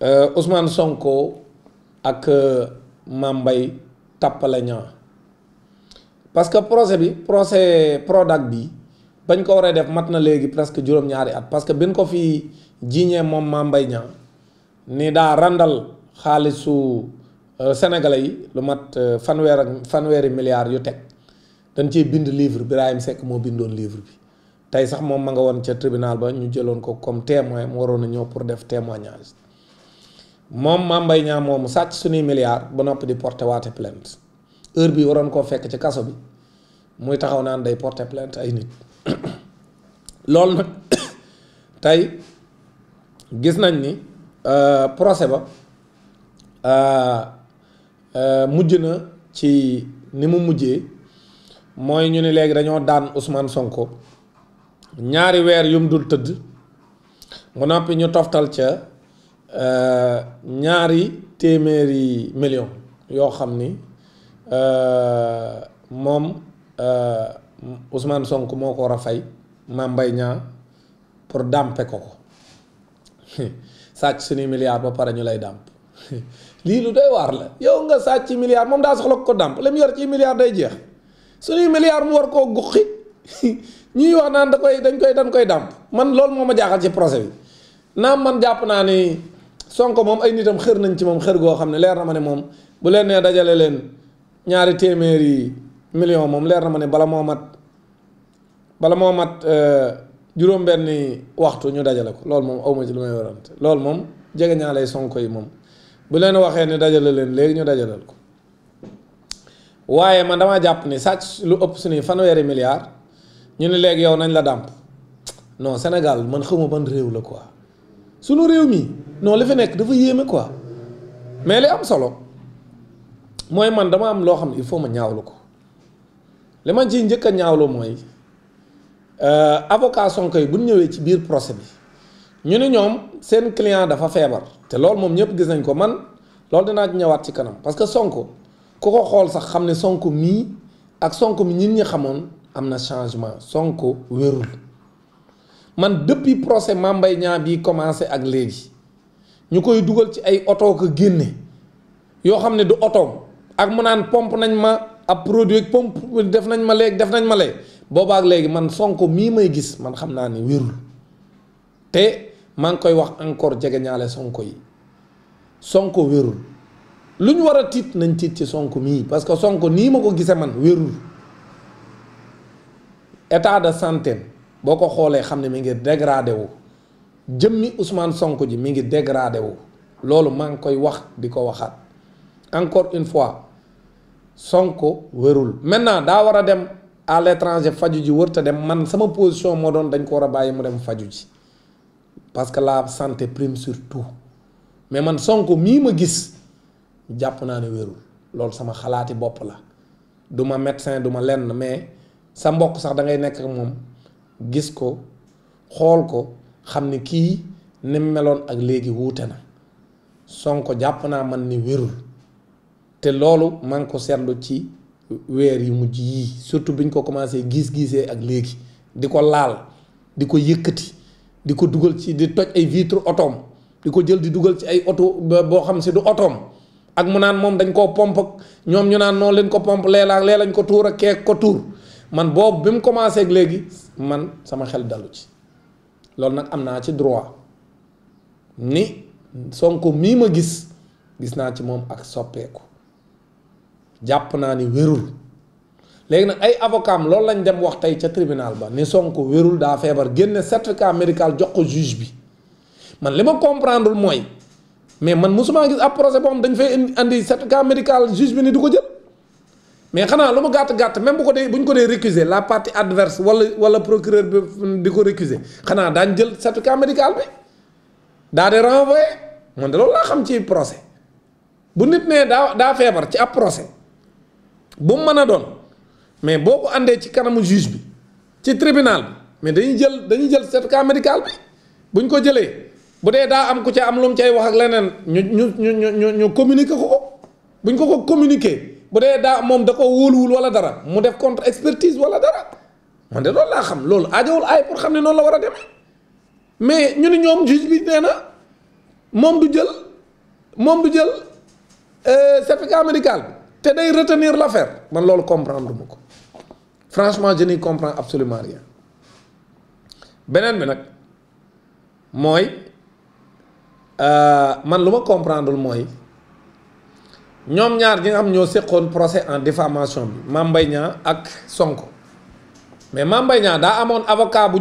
Euh, Ousmane Sonko ak euh, Mame Mbaye Tapale Niang parce que procès bi procès Prodac bi bañ ko waree def mat na léegi presque juróom-ñaari at parce que bin ko fi jiiñee moom Mame Mbaye Niang ni daa randal xaalisu euh, sénégalais yi lu mat fanweer ak fanweeri milliards yu teg dañ ciy bind livre Birahim sekk moo bindoon livre bi tey sax moom ma nga woon ca tribunal ba ñu jëloon ko comme témoin mu waroon a ñëw pour def témoignage moom Mame Mbaye Niang moomu sàcc suñuy milliards ba noppi di porte waate plant heure bi waroon koo fekk ci kaso bi muy taxaw naan day porte plainte ay nit loolu nag tey gis nañ ni euh, procès ba euh, euh, mujj na ci ni mu mujjee mooy ñu ni léegi dañoo daan Ousmane Sonko ñaari weer yum dul tëdd mu noppi ñu toftal ca Euh, ñaari temeri million xamni euh, ni euh, Ousmane Sonko moko ko fay Mame Mbaye Niang pour damper ko ko sàcc milliard ba pare ñu lay damp li lu doy war la yow nga sacc milliard mom da soxla ko damp li yor ci milliard day jeex suñuy milliard mu war ko guxi ñi wax naan da koy dañ koy dañ koy damp man lool moma jaaxal ci projet bi naam man japp na ni sonko moom ay nitam xër nañ ci moom xër goo xam ne leer na ma ne moom bu leen nee dajale leen ñaari téeméeri million moom leer na ma ne bala moo mat bala moo mat euh, juróom-benni waxtu ñu dajale ko loolu moom awma ci lu may warante loolu moom jege ñaa lay sonko yi moom bu leen waxee ne dajale leen léegi ñu dajalal ko waaye man dama jàpp ni sàcc lu ëpp suñuy fanweeri milliards ñu ne léegi yow nañ la dàmp non Sénégal man xamuma ban réew la quoi sunu réew mi noonu la fi nekk dafa yéeme quoi mais li am solo mooy man dama am loo xam ne il faut ma ñaawlu ko li ma ciy njëkk a ñaawlu mooy euh, avocat Sonko yi bu ñu ñëwee ci biir procès bi ñu ne ñoom seen client dafa feebar te loolu moom ñëpp gis nañ ko man loolu dinaa ñëwaat ci kanam parce que Sonko ku ko xool sax xam ne sonk mii ak sonk mi ñin ñi xamoon am na changement Sonko wérul man depuis procès Mame Mbaye bi commencé ak léegi ñu koy dugal ci ay oto ko génne yoo xam ne du oto ak mu naan pompe nañ ma ab produit pompe def nañ ma léegi def nañ ma booba ak léegi man sonk mii may gis man xam naa ni wérul te maa ngi koy wax encore jege ñaale sonk yi sonk wérul lu ñu war a tiit nañ tiit ci sonk mii parce que Sonko nii ma ko gisee man wérul état de santé boo ko xoolee xam ne mi ngi dégradé wu jëmmi Ousmane sonk ji mi ngi dégradé wu loolu maa ngi koy wax di ko waxaat encore une fois Sonko wérul maintenant daa war a dem à l'étranger faju ji wërta dem man sama position moo doon dañ ko war a bàyyi mu dem faju ji parce que la santé prime surtout mais man Sonko mii ma gis jàpp naa ne wérul loolu sama xalaati bopp la du ma médecin du ma lenn mais sa mbokk sax da ngay nekk ak moom gis ko xool ko xam ni kii ni meloon ak léegi wuute na Sonko jàpp naa man ni wérul te loolu maa ngi ko seetlu ci weer yu mujj yii surtout biñ ko commencé gis-gisee ak léegi di ko laal di ko yëkkati di ko dugal ci di toj ay vitre otoom di ko jël di dugal ci ay oto boo xam si du otoom ak mu naan moom dañ koo pomp ak ñoom ñu naan noonu leen ko pomp lee lañ ko tuur ak keek ko tuur man boobu bi mu commencé léegi man sama xel dalu ci loolu nag am naa ci droit ni sonk mii ma gis gis naa ci moom ak soppeeku jàpp naa ni wérul léegi nag ay avocat am loolu lañ dem wax tey ca tribunal ba ni sonk wérul daa feebar génne certificat médical jox ko juge bi man li ma comprendreul mooy mais man mosumaa gis ab procès boo dañ fay indi indi certificat médical juge bi ni du ko jël mais xanaa lu mu gàtt gàtt même bu ko dee bu ñu ko dee récuser la partie adverse wala wala procureur bi di ko récuser xanaa daañ jël certificat médical bi daa de renvoyé man de loolu laa xam ci procès bu nit mais daa daa feebar ci ab procès bu mu mën a doon mais boo ko àndee ci kanamu juge bi ci tribunal bi mais dañu jël dañuy jël certificat médical bi buñ ko jëlee bu dee daa am ku ci am lu mu cay wax ak leneen ñu ñu ñu ñu ñu communiquer ko ko buñ ko ko communiquer. bu dee daa moom da ko wóoluwul wala dara mu def contre expertise wala dara man de loolu laa xam loolu aajowul aay pour xam ne noonu la war a demee mais ñu ne ñoom juge bi nee na moom du jël moom du jël euh, certificat médical bi te day retenir la l'affaire man loolu comprendre ma ko franchement je n'y comprends absolument rien beneen bi nag mooy euh, man lu ma comprendre mooy. ñom ñaar gi nga xam ñoo seqoon procès en diffamation bi mam ak Sonko mais mam Mbaye da daa amoon avocat bu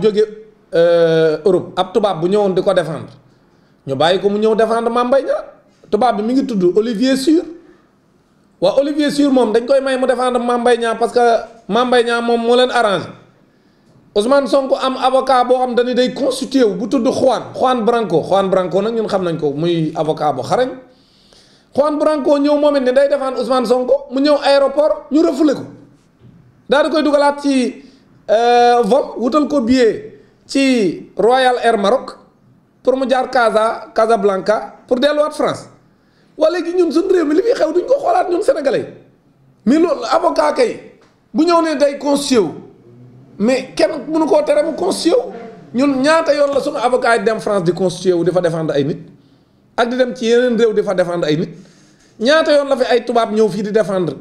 euh Europe ab tubaab bu ñewon diko défendre ñu bayiko mu ñew défendre mam bi mi ngi tuddu Olivier Sur wa Olivier Sur mom dañ koy may mu défendre mam Mbaye Niang parce que mam Mbaye Niang moom moo leen Ousmane Sonko am avocat bo xam dañu day constitué bu tuddu Juan Juan Branco Juan Branco nak ñun xam nañ ko muy avocat bu xarañ Juan Branco ñëw moom it ne day defaan Ousmane Sonko mu ñëw aéroport ñu refoulé ko daal koy dugalaat ci euh, vol wutal ko billet ci Royal Air Maroc pour mu jaar Casa Casablanca pour delluwaat France wala léegi ñun suñu réew mi li muy xew duñ ko xoolaat ñun sénégalais mais loolu avocat kay bu ñëw ne day constitué mais kenn mënu koo tere mu constitué ñun ñaata yoon la suñu avocat yi dem France di constitué wu di fa ay nit. ak di dem ci yeneen réew di fa défendre ay nit ñaata yoon la fi ay tubaab ñëw fii di défendre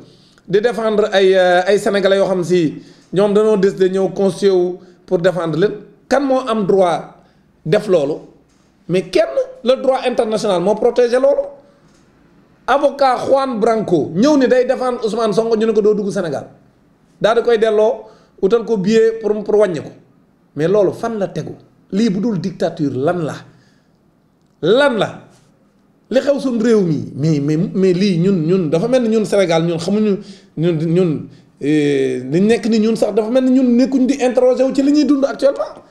di défendre ay euh, ay sénégalais yoo xam si ñoom dañoo de ñëw constitué wu pour défendre leen kan moo am droit def loolu mais kenn le droit international moo protéger loolu avocat Juan Branco ñëw ni day défendre Ousmane Sonko ñu ne ko doo dugg Sénégal daal di koy delloo utal ko billet pour pour wàññi ko mais loolu fan la tegu lii bu dictature lan la lan la li xew suñ réew mi mais mais mais lii ñun ñun dafa mel ni ñun Sénégal ñun xamuñu ñun ñun eh, li nekk ni ñun sax dafa mel ni ñun nekkuñ di interroger wu ci li ñuy dund actuellement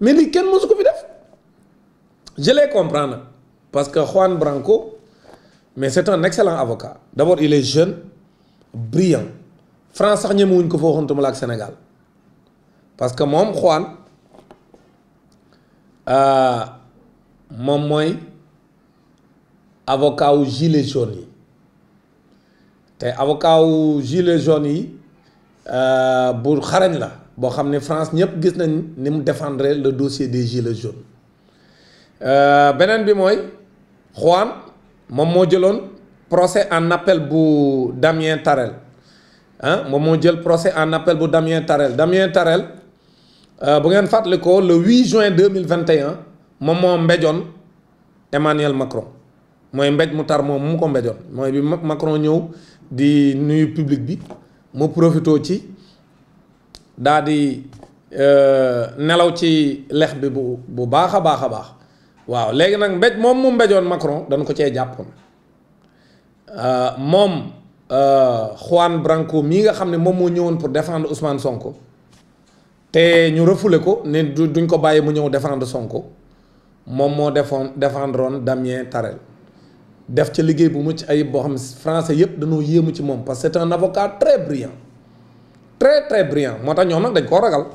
mais lii kenn mosu ko fi def je l'ai comprendre parce que Juan Branco mais c'est un excellent avocat d'abord il est jeune brillant France sax ñemewuñ ko foo xantuma la ak Sénégal parce que moom Juan euh, moom mooy avocat ou gilet jaune Té avocat ou gilet jaune Pour euh, bu xarañ la boo xam France ñëpp gis nañ défendre le dossier des gilets jaunes euh, beneen bi Juan mon moo procès en appel Pour Damien Tarel Hein, moom procès en appel Pour Damien Tarel Damien Tarel euh, bu le 8 juin 2021 mon moo Emmanuel Macron suis mbéj moutar tar ko bi Macron di nuyu public bi mo profito ci euh nelaw ci lex bi bu bu qui baax waaw Macron dañ ko euh, euh, Juan Branco mi nga pour défendre Ousmane Sonko te ñu refoulé ko ne duñ ko défendre Sonko défendre Damien Tarel def ci liggéey bu mucc ayib bo xam ne français yëpp dañoo yému ci mom parce que c'est un avocat très brillant très très brillant motax ñom nak dañ ko ragal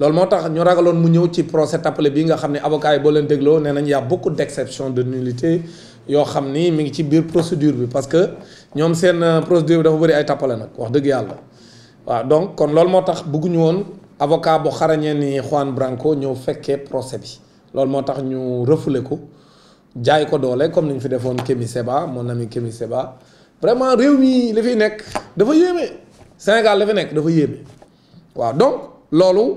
lool motax ñu ragalon mu ñew ci procès tapalé bi nga xam avocat yi bo leen dégloo né nañ ya beaucoup d'exceptions de nullité yo xamni mi ngi ci biir procédure bi parce que ñom sen euh, procédure bi dafa bëri ay tapalé nak wax deug yalla wa donc kon lool motax bëggu ñu won avocat bu xarañee ni Juan Branco ñëw fekkee procès bi lool motax ñu refoulé ko comme nous fi Seba mon ami Kemi Seba vraiment réuni mi li fi nek dafa Sénégal le fi nek dafa donc lolu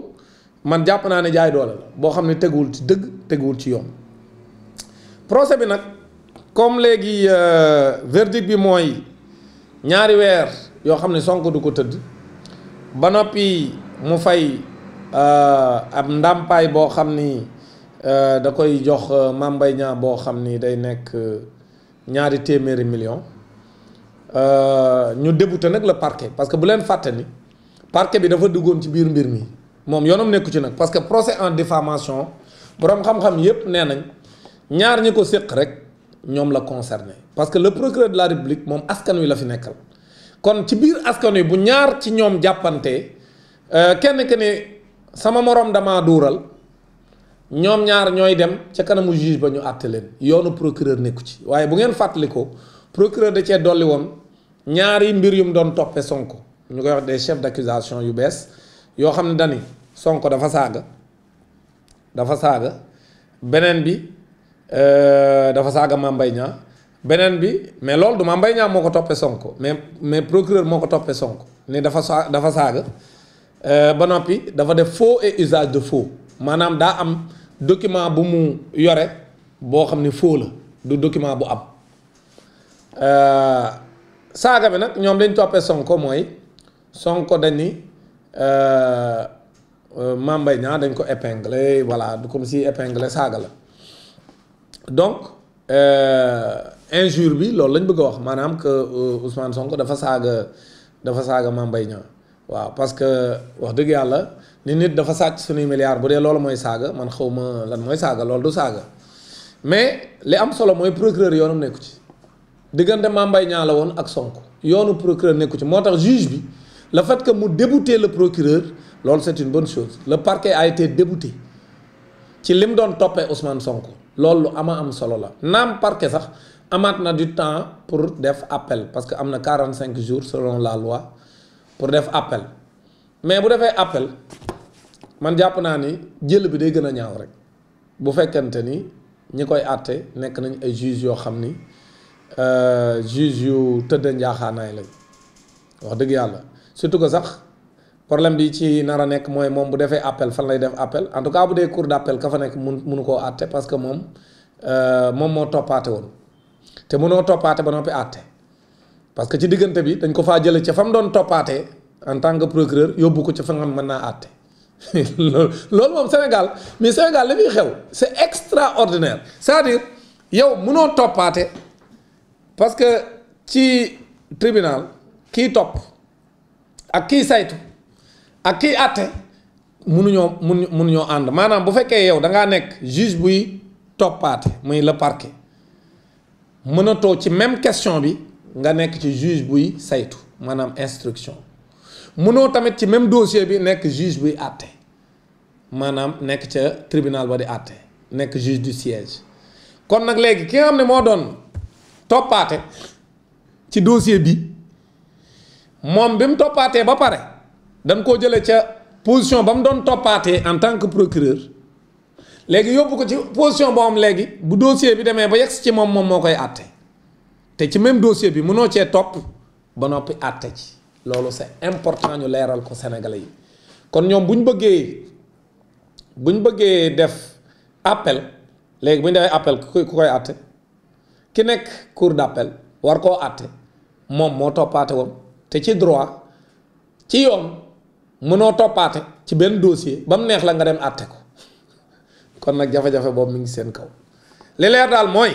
man japp ne jaay doole la je ci ci procès bi comme le euh, verdict bi moy ñaari du ko teud ba nopi mu fay euh, Euh, da koy jox euh, Mame boo xam ni day nekk euh, ñaari téeméeri million ñu débuté nag la parquet parce que bu leen fàtte ni parquet bi dafa duggoon ci biir mbir mi moom yoonam nekku ci nag parce que procès en diffamation boroom xam-xam yépp nee nañ ñaar ñi ko séq rek ñoom la concerné parce que le procureur de la république moom askan wi la fi nekkal kon ci biir askan wi bu ñaar ci ñoom jàppante kenn ki ne sama moroom damaa duural ñoom ñaar ñooy dem ca kanamu juge ba ñu àtte leen yoonu procureur nekku ci waaye bu ngeen fàttali ko procureur da cee dolli woon ñaari mbir yu mu doon toppee Sonko ñu koy wax des chefs d'accusation yu bees yoo xam ne dani dafa saaga dafa saaga beneen bi euh, dafa saaga Mame Mbaye beneen bi mais loolu du Mame Mbaye Niang moo ko toppe Sonko mais mais procureur moo ko toppee Sonko ni dafa saa dafa saaga euh, ba noppi dafa def faux et usage de faux maanaam daa am document bu mu yore boo xam ne faux du document bu ab euh, saaga bi nag ñoom lañ toppee Sonko mooy Sonko dañ ni euh, euh, Mame Mbaye Niang dañ ko épinglé voilà du comme si épinglé saaga la donc injure bi loolu lañ bëgg a wax maanaam que Ousmane Sonko dafa saaga dafa saaga Mame Mbaye waaw parce wax dëgg yàlla. ni nit dafa sàcc suñuy milliard bu dee loolu mooy saaga man xawma lan mooy saaga loolu du saaga mais li am solo mooy procureur yoonam nekku ci diggante Mame Mbaye Niang woon ak Sonko yoonu procureur nekku ci moo tax juge bi le fait que mu débouté le procureur loolu c'est une bonne chose le parquet a été débouté ci lim doon toppee Ousmane Sonko loolu ama am solo la naam parquet sax amaat na du temps pour def appel parce que am na 45 jours selon la loi pour def appel mais bu defee appel man japp na ni jël bi day gëna ñaaw rek bu fekkante ni ñi koy àtte nekk nañ ay juge yo xamni euh juge yu tëdd njaaxaanaay lañ wax deug yalla surtout que sax problème bi ci nara nek moy mom bu défé appel fan lay def appel en tout cas bu dé cour d'appel ka fa nek mënu ko atté parce que euh mom mo topaté won té mëno topaté ba nopi atté parce que ci digënté bi dañ ko fa jël ci fa doon topaté en tant que procureur yóbbu ko ci fa nga mëna atté loolu mom Sénégal mais Sénégal li fi xew c'est extraordinaire cest à dire yow mënoo topaté parce que ci tribunal qui top, ak qui saytu ak kii até mënuñoo mënu and manam bu fekkee yow da nga nek juge buy topaté muy le parquet mënatoo ci même question bi nga nek ci juge buy saytu manam instruction mëno tamit ci même dossier bi nek juge bi àtte manam nek ci tribunal ba di àtte nek juge du siège kon nak légui ki nga xamné mo moo topaté ci dossier bi mom bim topaté ba paré dañ ko jëlee ci position bam mu topaté en tant que procureur légui yóbbu ko ci position bo am légui bu dossier bi démé ba yex ci mom mom mokay koy té ci même dossier bi mëno ci top ba nopi àtte ci loolu c'est important ñu leeral ko Sénégalais yi kon ñoom bu ñu bëggee buñ bëggee def appel léegi bu ñu defee appel ku koy àtte ki nekk cour d'appel war koo àtte moom moo toppaate woon te ci droit ci yoon mënoo toppaate ci benn dossier ba mu neex la nga dem àtte ko kon nag jafe-jafe boobu mi ngi seen kaw li leer daal mooy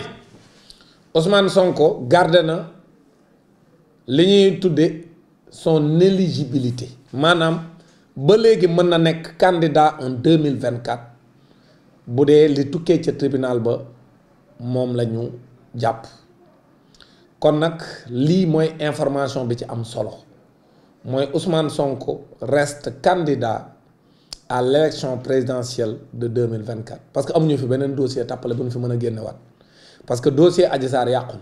Ousmane Sonko garde na li ñuy tudde son éligibilité Manam, ba léegi candidat en 2024, si le le tribunal ba suis la ñu kon moi information bi ci am solo Ousmane Sonko reste candidat à l'élection présidentielle de 2024. parce que nous avons un dossier qui est ñu fi parce que dossier est déjà yàqu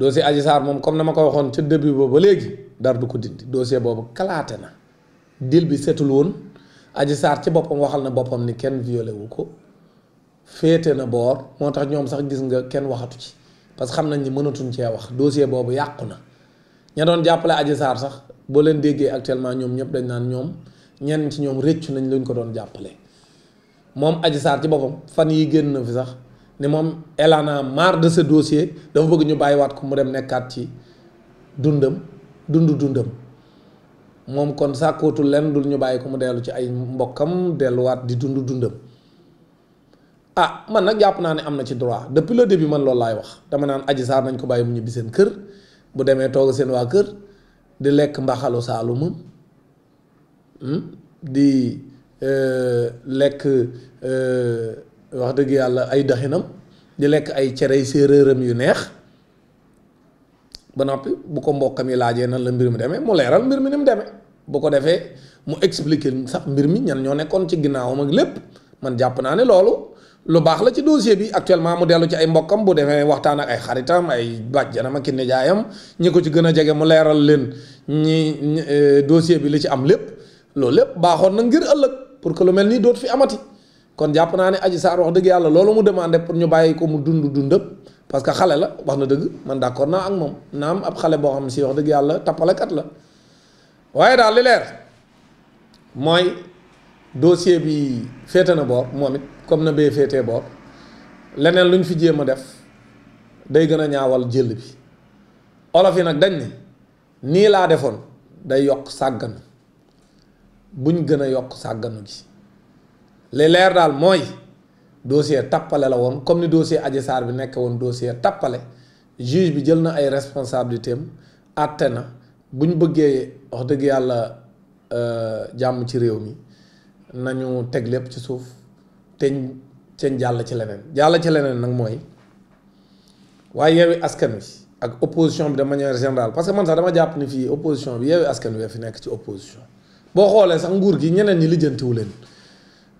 dossier Adji Sarr moom comme na ma ko waxoon ca début ba ba léegi dara du ko dindi dossier boobu kalaate na dil bi setul woon Adji Sarr ci boppam waxal na boppam ni kenn violé ko féete na boor moo tax ñoom sax gis nga kenn waxatu ci parce que xam nañ ni mënatuñ cee wax dossier boobu yàqu na ña doon jàppale Adji Sarr sax boo leen déggee actuellement ñoom ñëpp dañ naan ñoom ñenn ci ñoom réccu nañ luñ ko doon jàppale moom Adji Sarr ci boppam fan yi génn na fi sax ni moom elle en a marre dama bëgg ñu bàyyi waat ko mu dem nekkaat ci dundam dund dundam moom kon sàkkootul lenn dul ñu bàyyi ko mu dellu ci ay mbokkam delluwaat di dund dundam ah man nag jàpp naa ne am na ci droit depuis le début man loolu laay wax dama naan Adji Sarr nañ ko bàyyi mu ñibbi seen kër bu demee toog seen waa kër di lekk mbaxalu saalumam hmm, di euh, lekk euh, wax dëgg yàlla ay daxinam di lekk ay cere cerey séeréeram yu neex ba noppi bu ko mbokkam yi laajee nan la mbir mu demee mu leeral mbir mi ni mu demee bu ko defee mu expliquer sax mbir mi ñan ñoo nekkoon ci ginnaawam ak lépp man jàpp naa ne loolu lu baax la ci dossier bi actuellement mu dellu ci ay mbokkam bu defee waxtaan ak ay xaritam ay bàjjanam ki nijaayam ñi ko ci gën a jege mu leeral leen ñi eh, dossier bi li ci am lépp loolu lépp baaxoon na ngir ëllëg lu mel nii dootu fi amati. kon jàpp naa ne Adji Sarr wax dëgg yàlla loolu mu demandé pour ñu bàyyi ko mu dund dundëp parce que xale la wax na dëgg man d'accord naa ak moom naam ab xale boo xam si wax dëgg yàlla tappalekat la waaye daal li leer mooy dossier bi féete na boor moom it comme na bee féetee boor leneen lu ñu fi jéem a def day gën a ñaawal jël bi olof yi nag dañ ne nii laa defoon day yokk sàgganu buñ gën a yokk sàgganu gi li leer daal mooy dossier tappale la woon comme ni dossier Adji Sarr bi nekk woon dossier tappale juge bi jël na ay responsabilité am àtte na bu ñu bëggee wax dëgg yàlla euh, jàmm ci réew mi nañu teg lépp ci suuf teñ teñ jàll ci leneen jàll ci leneen nag mooy waaye yeewi askan wi ak opposition bi de manière générale parce que man sax dama jàpp ni fii opposition bi yeewi askan wee fi nekk ci opposition boo xoolee sax nguur gi ñeneen ñi lijjantiwu leen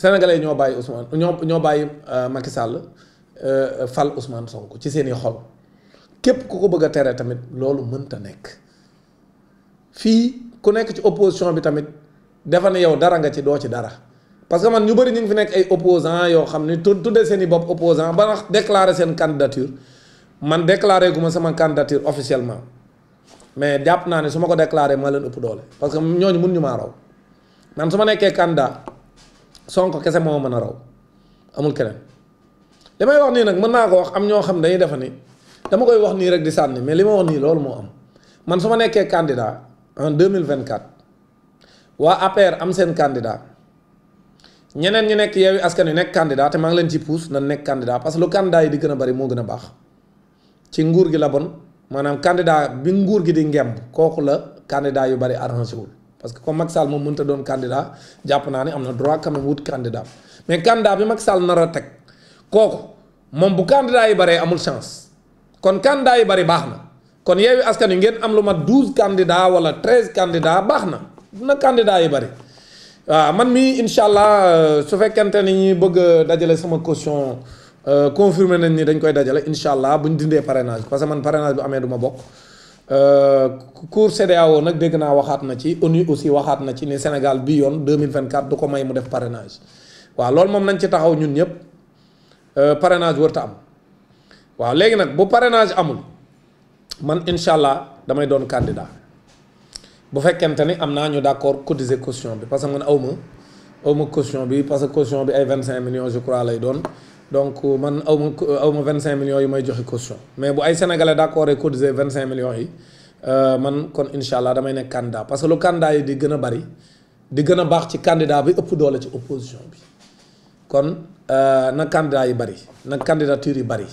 sénégalais ñoo bàyyi Ousmane ñoo ñoo bàyyi euh, Macky Sall euh, fal Ousmane Sonko ci seeni xol képp ku ko bëgg a tere tamit loolu mënta nekk fii ku nekk ci opposition bi tamit defan ne yow dara nga ci doo ci dara parce que man ñu bëri ñu fi nekk ay opposant yoo xam ne tudde seen i bopp opposant ba ndax déclarer seen candidature man déclaré gu ma sama candidature officiellement mais jàpp naa ne su ma ko déclaré ma leen ëpp doole parce que ñooñu mun ñu maa raw man su sonko kese mo meuna raw amul keneen damay wax ni nak meuna ko wax am ño xam dañuy def ni dama koy wax ni rek di sanni mais lima wax ni loolu mo am man suma ma candidat en 2024 wa APR am sen candidat ñeneen ñi nekk yewi askan wi nekk candidat te ma ngi leen ci pousse na nekk candidat parce que le candidat yi di kana bari mo gëna bax ci nguur gi la bon manam candidat bi nguur gi di ngemb kooku la candidat yu bari arrangé wul parce que comme Macky Sall moom mënta doon candidat jàpp naa ne am na droit quand même wut candidat mais candidat bi Macky Sall nar teg kooku moom bu candidat yi baree amul chance kon candidat yi bari baax na kon yeewi askan wi ngeen am lu ma douze candidats wala treize candidats baax na na candidats yi bari waaw man mii incha allah euh, su fekkente ni ñuy bëgg a dajale sama caution euh, confirmé nañ ni dañ koy dajale incha allah bu ñu dindee parrainage parce que man parrainage bu amee du ma bokk. Euh, cour CEDEAO nag dégg naa waxaat na ci ONU aussi waxaat na ci ne Sénégal bi yoon 2024 du ko may mu def parrainage waaw loolu moom nañ ci taxaw ñun ñëpp euh, parrainage wërta am waaw léegi nag bu parrainage amul man incha allah damay doon candidat bu fekkente ni am naa ñu d'accord cotiser caution bi parce que man awma awma caution bi parce que caution bi ay vingt cinq million je lay doon donc euh, man aw ma 25 euh, millions yu may joxe caution mais bu ay sénégalais d'accord rek cotiser 25 millions yi euh, man kon inshallah damay nekk candidat parce que le candidat yi di gëna bari di gëna bax ci candidat bi ëpp doole ci opposition bi kon na candidat yi bari na candidature yi bari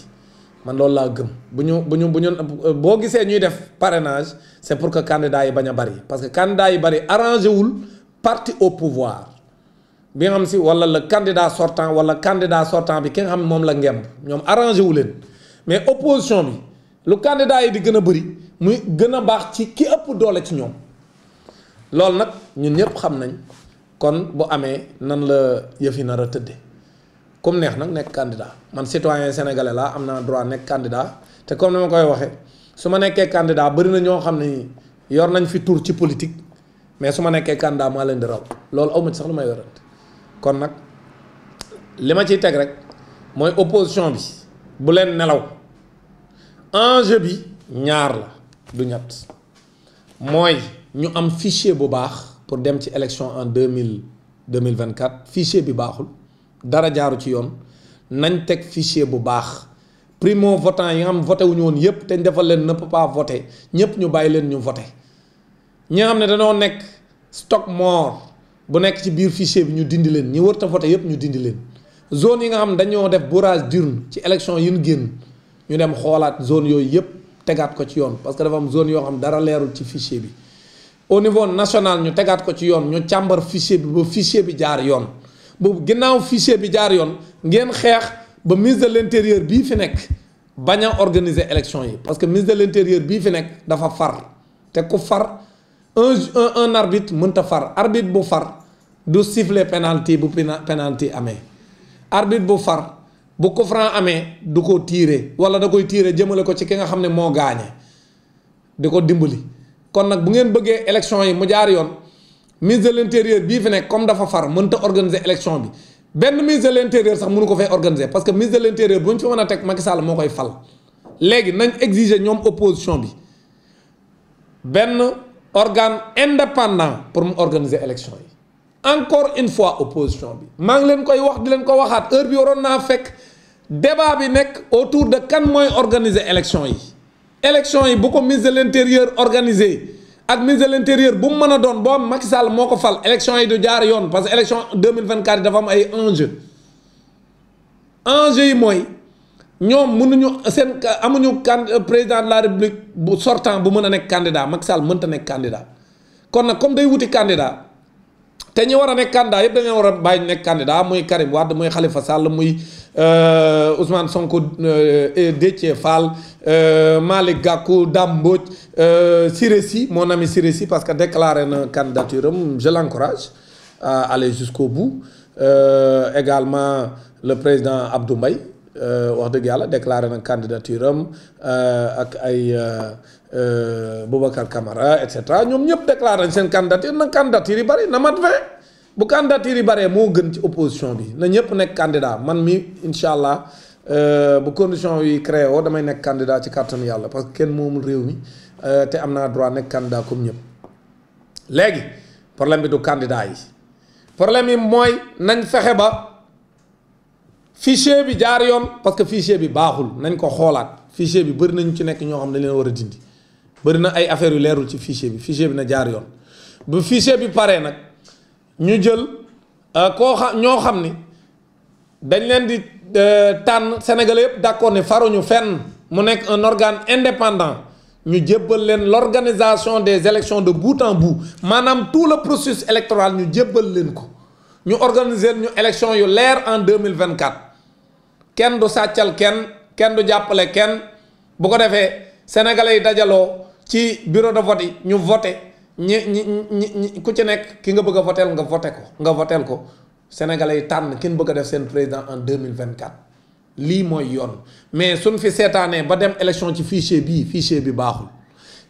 man lool la gëm buñu ñu bu ñu bu ñuy def parrainage c'est pour que candidat yi baña bari parce que candidat yi bari arrangé wul parti au pouvoir. bi xam si wala la candidat sortant wala candidat sortant bi ki nga xam moom la ngemb ñoom arrangé wu leen mais opposition bi lu candidat yi di gën a bëri muy gën a baax ci ki ëpp doole ci ñoom loolu nag ñun ñëpp xam nañ kon bu amee nan la yëf yi nar a tëddee comme neex nag nekk candidat man citoyen sénégale laa am naa droit nekk candidat te comme ni ma koy waxee su ma nekkee candidat bari na ñoo xam ne yor nañ fi tur ci politique mais su ma nekkee candidat maa leen di raw ma sax lu may werante kon nak lima ci ciy rek moy opposition bi bu len nelaw enjeu bi ñaar la du ñatt moy ñu am fichier bu baax pour dem ci élection en 2000 2024 fichier bi baaxul dara jaaru ci yoon nañ teg fichier bu baax primo votant yi am voté wuñu won yépp te defal len ne peut pas voter ñepp ñu bàyyi len ñu voté ñi nga xam ne dañoo nekk stock mort bu nekk ci biir fichier bi ñu dindi leen ñi wërta voté yëpp ñu dindi leen zone yi nga xam dañoo def bourrage d'urne ci élection yi ñu génn ñu dem xoolaat zone yooyu yëpp tegaat ko ci yoon parce que dafa am zone yoo xam dara leerul ci fichier bi au niveau national ñu tegaat ko ci yoon ñu càmbar fichier bi ba fichier bi jaar yoon boobu ginnaaw fichier bi jaar yoon ngeen xeex ba ministre de l'intérieur bii fi nekk bañ a organiser élection yi parce que ministre de l'intérieur bii fi nekk dafa far te ku far un un arbitre mënta far arbitre bu far siffler penalty bu penalty amee arbitre bu far bu coup franc amee du ko tiire wala da koy tiire jëmale ko ci ki nga xam ne moo gaañe di ko dimbali kon nag bu ngeen bëggee élection yi mu jaar yoon ministre de l'intérieur bii fi nekk comme dafa far mënta organiser élection bi Ben ministre de l'intérieur sax mënu ko fay organiser parce que ministre de l'intérieur bu ñu fi mën a teg Macky Sall moo koy fal léegi nañ exiger ñoom opposition bi Ben organe indépendant pour organiser l'élection. encore une fois opposition Je vous sais pas koy wax di ko le débat autour de quand moi organiser L'élection, L'élection est beaucoup mise à de l'intérieur organisée. ak mise de l'intérieur bu mu que a Macky Sall parce que l'élection 2024 est un enjeu enjeu nous sommes le président de la république sortant candidat candidat comme des candidat candidat Karim Khalifa Sall euh, Ousmane Sonko euh, Fall euh, Gakou mon ami parce que déclaré une candidature je l'encourage à aller jusqu'au bout également le président Abdoumbaye. Euh, wax dëgg yàlla déclaré na candidature am euh, ak ay euh, Boubacar Camara et cetera ñoom ñëpp déclaré nañ seen candidature na candidature yi bari na mat bu candidature yi baree moo gën ci opposition bi na ñëpp nekk candidat man mi incha allah bu condition yi créé woo damay nekk candidat ci kàttanu yàlla parce que kenn moomul réew mi te am naa droit nekk candidat comme ñëpp léegi problème bi du candidat yi problème yi mooy nañ fexe ba. fichier bi jaar yoon parce que fichier bi baaxul nañ ko xoolaat fichier bi bëri nañ ci nekk ñoo xam ne leen war a dindi bëri na ay affaire yu leerul ci fichier bi fichier bi na jaar yoon bu fichier bi paree nag ñu jël euh, koo xam ñoo xam ni dañ leen di euh, tànn sénégalais yëpp d'accord ne faruñu fenn mu nekk un organe indépendant ñu jébbal leen l'organisation des élections de bout en bout maanaam tout le processus électoral ñu jébbal leen ko ñu organiser ñu élection yu leer en 2024 kenn du sàccal kenn kenn du jàppale kenn bu ko defee sénégalais yi dajaloo ci bureau de vote yi ñu voté ñi ñi ñi ku ci nekk ki nga bëgg a voteel nga vote ko nga voteel ko sénégalais yi tànn kenn bëgg a def seen président en 2024 lii mooy yoon mais suñ fi seetaanee ba dem élection ci fichier bii fichier bi baaxul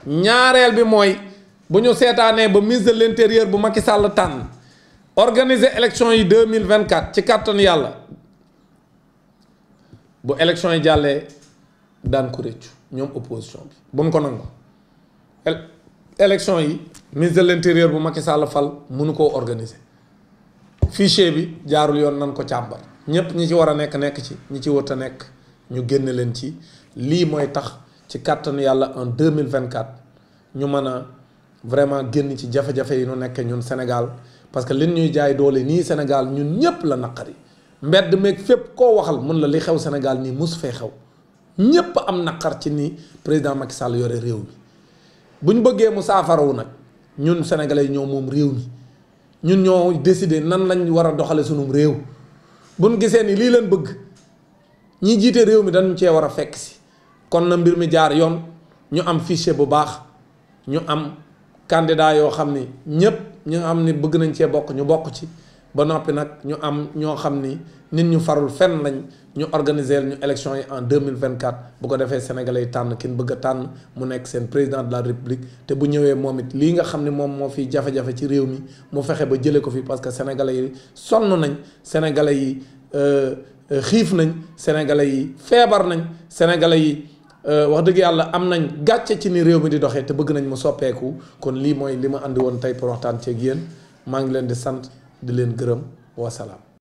ñaareel bi mooy bu ñu seetaanee ba ministre de l'intérieur bu Macky sàll tànn organiser élection yi deux vingt 2024 ci kàttan yàlla bu élection yi jàllee daan ko réccu ñoom opposition bi bu mu ko nangu élection yi ministre de l'intérieur bu Macky Sall fal mënu ko organiser fichier bi jaarul yoon nan ko càmbar ñépp ñi ci war a nekk nekk ci ñi ci wër a nekk ñu génn leen ci lii mooy tax ci kàttanu yàlla en 2024 ñu mën a vraiment génn ci jafe-jafe yi ñu nekk ñun Sénégal parce que lin ñuy jaay doole nii Sénégal ñun ñépp la naqari mbedd meeg fep ko waxal mën la li xew senegal ni mus fe xew ñepp am nakar ci ni president Macky Sall yore rew mi buñ ñu bëggee mu saafarawu nag ñun sénégalais ñoo mom rew mi ñun ñoo décidé nan lañ wara doxale sunum rew buñ gisé ni li leen bëgg ñi jité rew mi dañ ci wara fekk ci kon na mbir mi jaar yoon ñu am fichier bu baax ñu am candidat yo xamni ñepp ñu am ni bëgg nañ ci bokk ñu bokk ci ba après nag ñu am nous xam ni nit ñu farul fenn lañ ñu organiser ñu élection en 2024 beaucoup de quatre bu ko sénégalais yi qui kin bëgg a tànn mu nekk président de la république te bu ñëwee moom it lii nga fait ne moom tiré fi ci réew mi mu frère ba jëlee ko fi parce que sénégalais yi sonn nañ sénégalais yi euh, euh, nañ sénégalais yi fébar nañ sénégalais yi. Euh, wax dëgg yàlla am nañ gatché ci ni réew mi di doxé te bëgg nañ mu soppeeku kon li moy lima ma andi woon tey pour ci ak yeen ma ngi leen di sante di leen gërëm wasalaam